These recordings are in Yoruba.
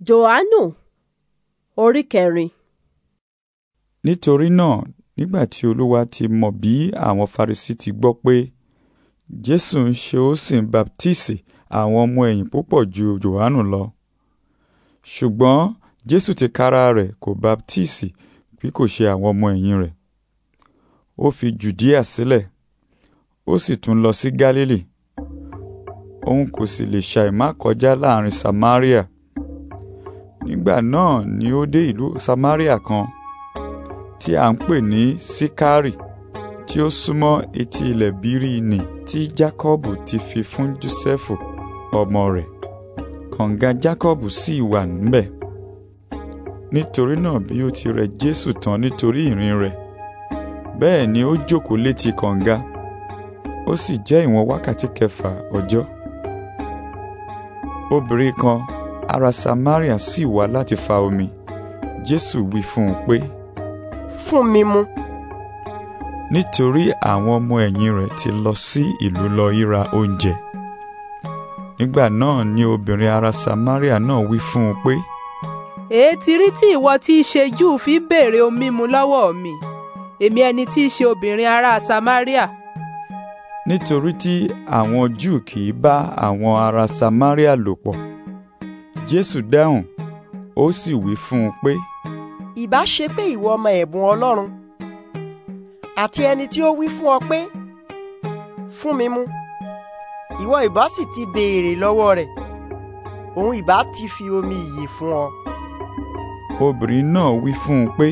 Jòhánù orí kẹrin. nítorí náà nígbà tí olúwa ti mọ̀ bí àwọn Farisí ti gbọ́ pé Jésù ń ṣe ó sì ń baptisi àwọn ọmọ ẹ̀yìn púpọ̀ ju Jòhánù lọ ṣùgbọ́n Jésù tìkára rẹ̀ kò baptisi bí kò ṣe àwọn ọmọ ẹ̀yìn rẹ̀ ó fi Jùdíà sílẹ̀ ó sì tún lọ sí Gálílì òun kò sì lè ṣàì kọjá láàrin Samaria nígbà náà ni ó dé ìlú samaria kan tí à ń pè ní sikari tí ó súnmọ́ etí ilẹ̀ bíríìnì tí Jacobu ti fi fún jósẹ́fù ọmọ rẹ̀ kànga jákọ́bù sì wà níbẹ̀ nítorí náà bí ó ti rẹ jésù tán nítorí ìrìn rẹ̀ bẹ́ẹ̀ ni ó jókòó létí kànga ó sì jẹ́ ìwọ̀n wákàtí kẹfà ọjọ́ obìnrin kan ará Samaria sì wá láti fa omi Jésù wí fún un pé. fún mi mu. nítorí àwọn ọmọ ẹ̀yìn rẹ̀ ti lọ sí ìlú lọ ríra oúnjẹ. nígbà náà ni obìnrin ará Samaria náà wí fún un pé. èé rí tí ìwọ tí í ṣe Júù fi béèrè ohun mímu lọ́wọ́ mi èmi ẹni tí í ṣe obìnrin ará Samaria nítorí tí àwọn Júù kì í bá àwọn ará Samaria lò pọ̀ jésù dáhùn ó sì wí fún un pé. ìbá ṣe pé ìwọ ọmọ ẹ̀bùn ọlọ́run àti ẹni tí ó wí fún ọ pé fún mi mú ìwọ ìbá sì ti béèrè lọ́wọ́ rẹ̀ òun ìbá ti fi omi ìyè fún ọ. obìnrin náà wí fún un pé.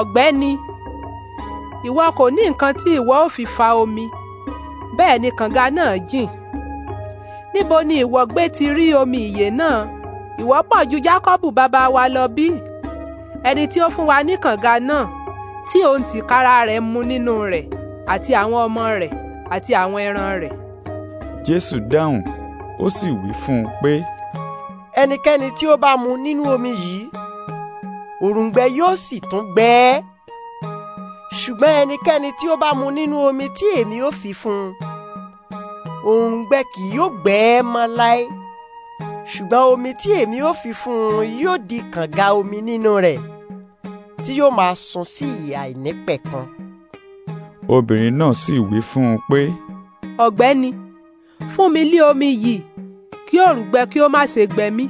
ọ̀gbẹ́ni ìwọ kò ní nǹkan tí ìwọ ò fi fa omi bẹ́ẹ̀ ni kànga náà jìn níbo ni ìwọ gbé ti rí omi ìyè náà ìwọ pọ̀ ju Jákọ́bù bàbá wa lọ bí ẹni tí ó fún wa ní kànga náà tí òun tìkára rẹ̀ mu nínú rẹ̀ àti àwọn ọmọ rẹ̀ àti àwọn ẹran rẹ̀. Jésù dáhùn ó sì wí fún un pé. ẹnikẹ́ni tí ó bá mu nínú omi yìí òrùngbẹ yóò sì tún gbẹ ẹ́ ṣùgbọ́n ẹnikẹ́ni tí ó bá mu nínú omi tí èmi ó fi fún un òǹgbẹ kì yóò gbẹ ẹ́ mọ́ láé ṣùgbọ́n omi tí èmi ó fi fún un yóò di kànga omi nínú rẹ̀ tí yóò máa sun sí ìyà àìnípẹ̀kan. obìnrin náà sì wí fún un pé. ọ̀gbẹ́ni fún mi lé omi yìí kí òrùngbẹ kí ó má ṣe gbẹ mí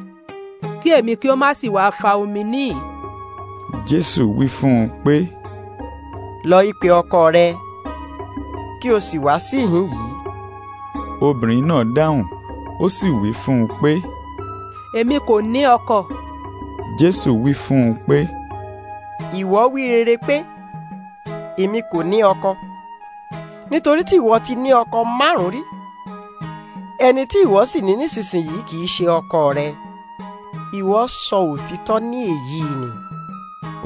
kí èmi kí ó má sì wá fa omi níhìn. jésù wí fún un pé. lọ ìpè ọkọ rẹ kí o sì wá síhìn yìí obìnrin náà dáhùn ó sì wí fún un pé. èmi kò ní ọkọ. jésù wí fún un pé. ìwọ wí rere pé èmi kò ní ọkọ nítorí tí ìwọ ti ní ọkọ márùn-ún rí ẹni tí ìwọ sì ní nísinsìnyí kì í ṣe ọkọ rẹ ìwọ sọ òtítọ́ ní èyí ni.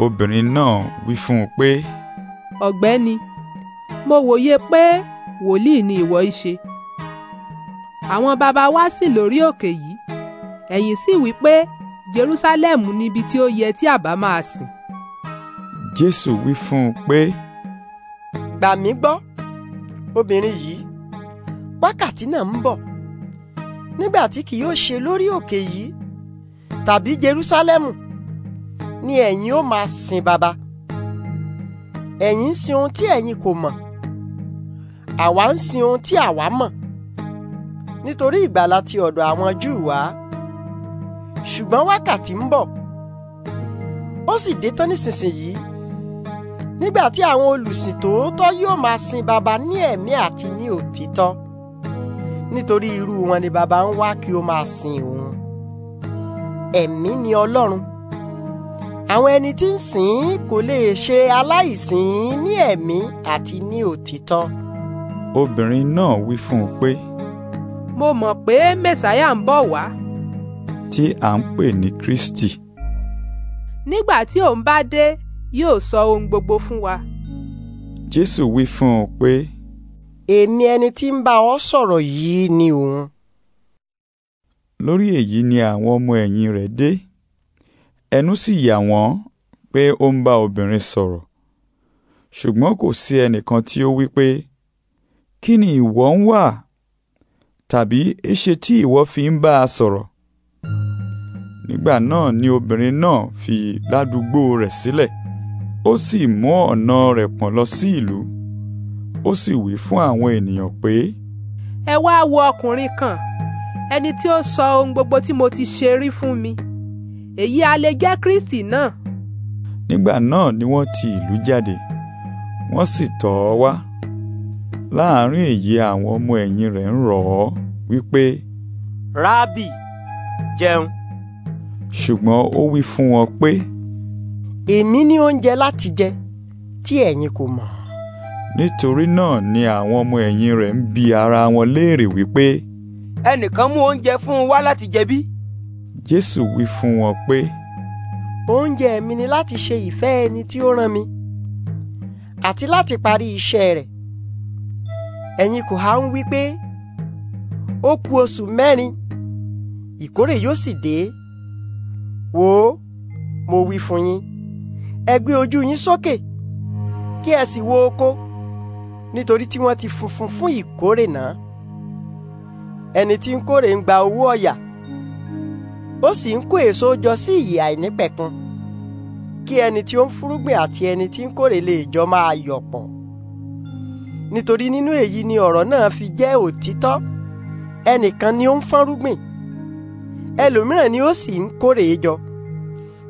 obìnrin náà wí fún un pé. ọ̀gbẹ́ni mo wòye pé wòlíì ni ìwọ í ṣe àwọn baba wa sì lórí òkè yìí ẹ̀yin sì wí pé Jerúsálẹ́mù níbi tí ó yẹ tí àbá máa sìn. Jésù wí fún un pé. gbà mí gbọ́ obìnrin yìí wákàtí náà ń bọ̀ nígbà tí kì yóò ṣe lórí òkè yìí tàbí Jerúsálẹ́mù ni ẹ̀yin ó máa sìn baba ẹ̀yin ń sin ohun tí ẹ̀yin kò mọ̀ àwa ń sin ohun tí àwa mọ̀ nítorí ìgbàlà ti ọ̀dọ̀ àwọn Júù wá ṣùgbọ́n wákàtí ń bọ̀ ó sì dé tán nísinsìnyí nígbà tí àwọn olùsìn tòótọ́ yóò máa sin baba ní ẹ̀mí àti ní òtítọ́ nítorí irú wọn ni baba ń wá kí ó máa sin òun ẹ̀mí ni Ọlọ́run àwọn ẹni tí ń sìn ín kò lè ṣe aláìsìn ní ẹ̀mí àti ní òtítọ́. obìnrin náà wí fún un pé. Pe mo mọ̀ pé mẹ̀sáyà ń bọ̀ wá. tí à ń pè ní Kristi. nígbà tí òun bá dé yóò sọ ohun gbogbo fún wa. Jésù wí fún un pé. èmi ẹni tí ń bá ọ sọ̀rọ̀ yìí ni òun. lórí èyí ni àwọn ọmọ ẹ̀yìn rẹ̀ dé ẹnu sì yà wọ́n pé ó ń bá obìnrin sọ̀rọ̀ ṣùgbọ́n kò sí ẹnìkan tí ó wí pé kí ni ìwọ ń wá tàbí èṣe tí ìwọ fi ń bá a sọ̀rọ̀. nígbà náà ni obìnrin náà fi ládùúgbò rẹ̀ sílẹ̀ ó sì mú ọ̀nà rẹ̀ pọ̀n lọ sí ìlú ó sì wí fún àwọn ènìyàn pé. ẹ wá wo ọkùnrin kan ẹni tí ó sọ ohun gbogbo tí mo ti ṣe rí fún mi èyí a lè jẹ́ Kristi náà. nígbà náà ni wọ́n ti ìlú jáde wọ́n sì tọ̀ ọ́ wá láàárín èyí àwọn ọmọ ẹ̀yìn rẹ̀ ń rọ̀ ọ́ wípé. rábì jẹun. ṣùgbọ́n ó wí fún wọn pé. èmi ní oúnjẹ láti jẹ tí ẹ̀yin kò mọ̀. nítorí náà ni àwọn ọmọ ẹ̀yìn rẹ̀ ń bi ara wọn léèrè wípé. ẹnìkan mú oúnjẹ fún un wá láti jẹ bí. jésù wí fún wọn pé. oúnjẹ mi ni láti ṣe ìfẹ́ ẹni tí ó rán mi àti láti parí iṣẹ́ rẹ̀ ẹ̀yin kò há ń wí pé ó kù oṣù mẹ́rin ìkórè yóò sì dé wò ó mo wí fún yín ẹ gbé ojú yín sókè kí ẹ sì wo nítorí tí wọ́n ti funfun fún ìkórè náà ẹni tí ń kórè ń gba owó ọ̀yà ó sì ń kó èso jọ sí ìyè àìnípẹ̀kun kí ẹni tí ó ń nítorí nínú èyí ni ọ̀rọ̀ náà fi jẹ́ òtítọ́ ẹnìkan ni ó ń fọ́n ẹlòmíràn ni ó sì ń kórè é jọ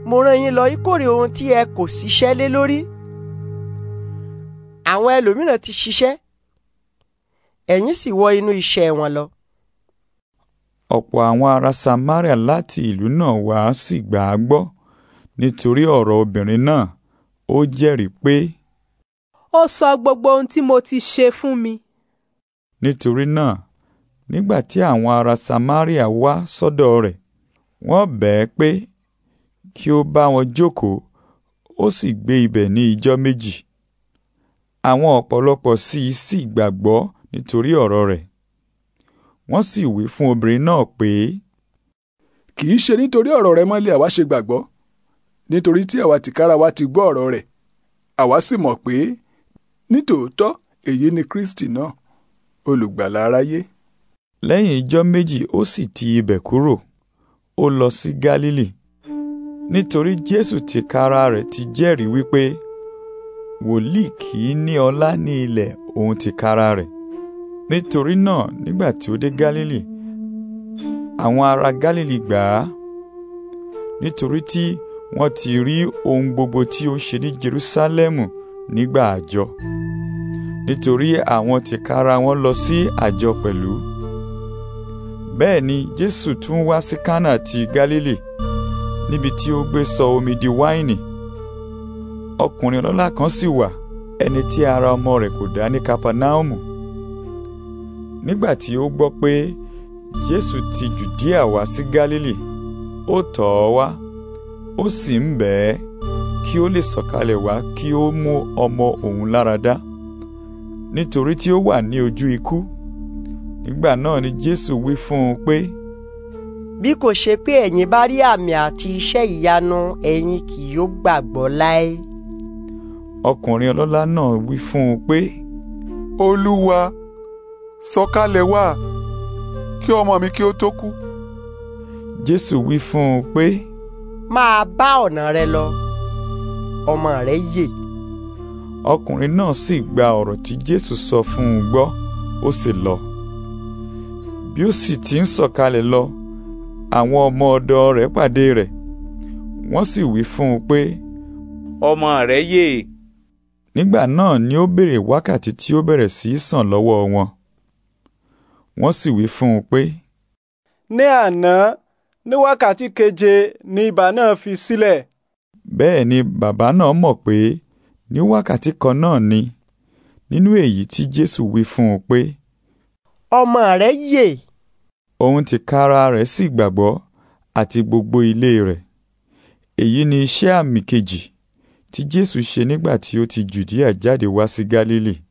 mo rán yín lọ ìkórè ohun tí ẹ kò ṣiṣẹ́ lé lórí àwọn ẹlòmíràn ti ṣiṣẹ́ ẹ̀yin sì wọ inú iṣẹ́ wọn lọ. ọ̀pọ̀ àwọn ará Samaria láti ìlú náà wá sì gbà á gbọ́ nítorí ọ̀rọ̀ obìnrin náà ó jẹ́rìí pé ó sọ gbogbo ohun tí mo ti ṣe fún mi. nítorí náà nígbà tí àwọn ará Samaria wá sọ́dọ̀ rẹ̀ wọ́n bẹ̀ ẹ́ pé kí ó bá wọn jókòó ó sì gbé ibẹ̀ ní ijọ́ méjì àwọn ọ̀pọ̀lọpọ̀ sí i sì gbàgbọ́ nítorí ọ̀rọ̀ rẹ̀ wọ́n sì wí fún obìnrin náà pé. kì í ṣe nítorí ọ̀rọ̀ rẹ mọ́lẹ̀ àwa ṣe gbàgbọ́ nítorí tí àwa tìkára wa ti gbọ́ ọ̀rọ̀ rẹ̀ àwa sì mọ̀ pé nítòótọ́ èyí ni kristi náà olùgbàlà aráyé. lẹ́yìn ijọ́ méjì ó sì ti ibẹ̀ kúrò ó lọ sí Gálílì nítorí Jésù tìkára rẹ̀ ti jẹ́rìí wípé wòlíì kì í ní ọlá ní ilẹ̀ òun tìkára rẹ̀ nítorí náà nígbà tí ó dé galili àwọn ará Gálílì gbà á nítorí tí wọ́n ti rí ohun gbogbo tí ó ṣe ní Jerúsálẹ́mù nígbà àjọ nítorí àwọn tìkára wọn lọ sí àjọ pẹ̀lú. bẹ́ẹ̀ ni jésù tún wá sí kánà ti galili níbi tí ó gbé sọ omi di wáìnì ọkùnrin ọlọ́lá kan sì wà ẹni tí ara ọmọ rẹ̀ kò dá ní kapanaomu nígbà tí ó gbọ́ pé jésù ti jùdíà wá sí galili ó tọ̀ ọ́ wá ó sì ń bẹ̀ kí ó lè sọ̀kalẹ̀ wá kí ó mú ọmọ òun lára dá nítorí tí ó wà ní ojú ikú nígbà náà ni jésù wí fún un pé. bí kò ṣe pé ẹ̀yin bá rí àmì àti iṣẹ́ ìyanu ẹ̀yin kì yóò gbàgbọ́ láé. ọkùnrin ọlọ́lá náà wí fún un pé. olúwa sọ̀kalẹ̀ wá kí ọmọ mi kí ó tó kú. jésù wí fún un pé. máa bá ọ̀nà rẹ lọ ọmọ rẹ yè ọkùnrin náà sì gba ọ̀rọ̀ tí Jésù sọ fún un gbọ́ ó sì lọ bí ó sì ti ń sọ̀kalẹ̀ lọ àwọn ọmọ ọ̀dọ̀ rẹ̀ pàdé rẹ̀ wọ́n sì wí fún un pé ọmọ rẹ̀ yè nígbà náà ni ó béèrè wákàtí tí ó bẹ̀rẹ̀ sí í sàn lọ́wọ́ wọn wọ́n sì wí fún un pé. ní àná ní wákàtí keje ni ibà náà fi sílẹ̀. bẹ́ẹ̀ ni bàbá náà mọ̀ pé ní wákàtí kan náà ni nínú èyí tí Jésù wí fún un pé. ọmọ rẹ yè. òun tìkára rẹ̀ sì gbàgbọ́ àti gbogbo ilé rẹ̀ èyí ni iṣẹ́ àmì kejì tí Jésù ṣe nígbà tí ó ti Jùdíà jáde wá sí Gálílì